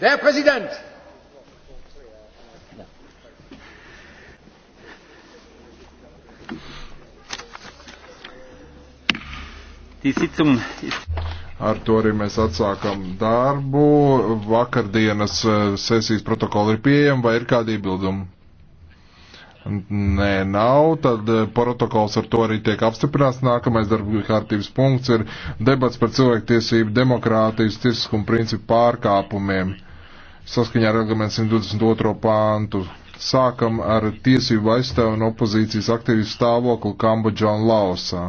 Herr Präsident! Ar to arī mēs atsākam darbu. Vakardienas eh, sesijas protokoli ir pieejami vai ir kādi iebildumi? Nē, nav. Tad eh, protokols ar to arī tiek apstiprināts. Nākamais darba kārtības punkts ir debats par cilvēktiesību, demokrātijas, tiesiskuma principu pārkāpumiem. Saskaņā ar reglamentu 122. pāntu. Sākam ar tiesību aizstāvu un opozīcijas aktīvu stāvokli Kambodžā un Laosā.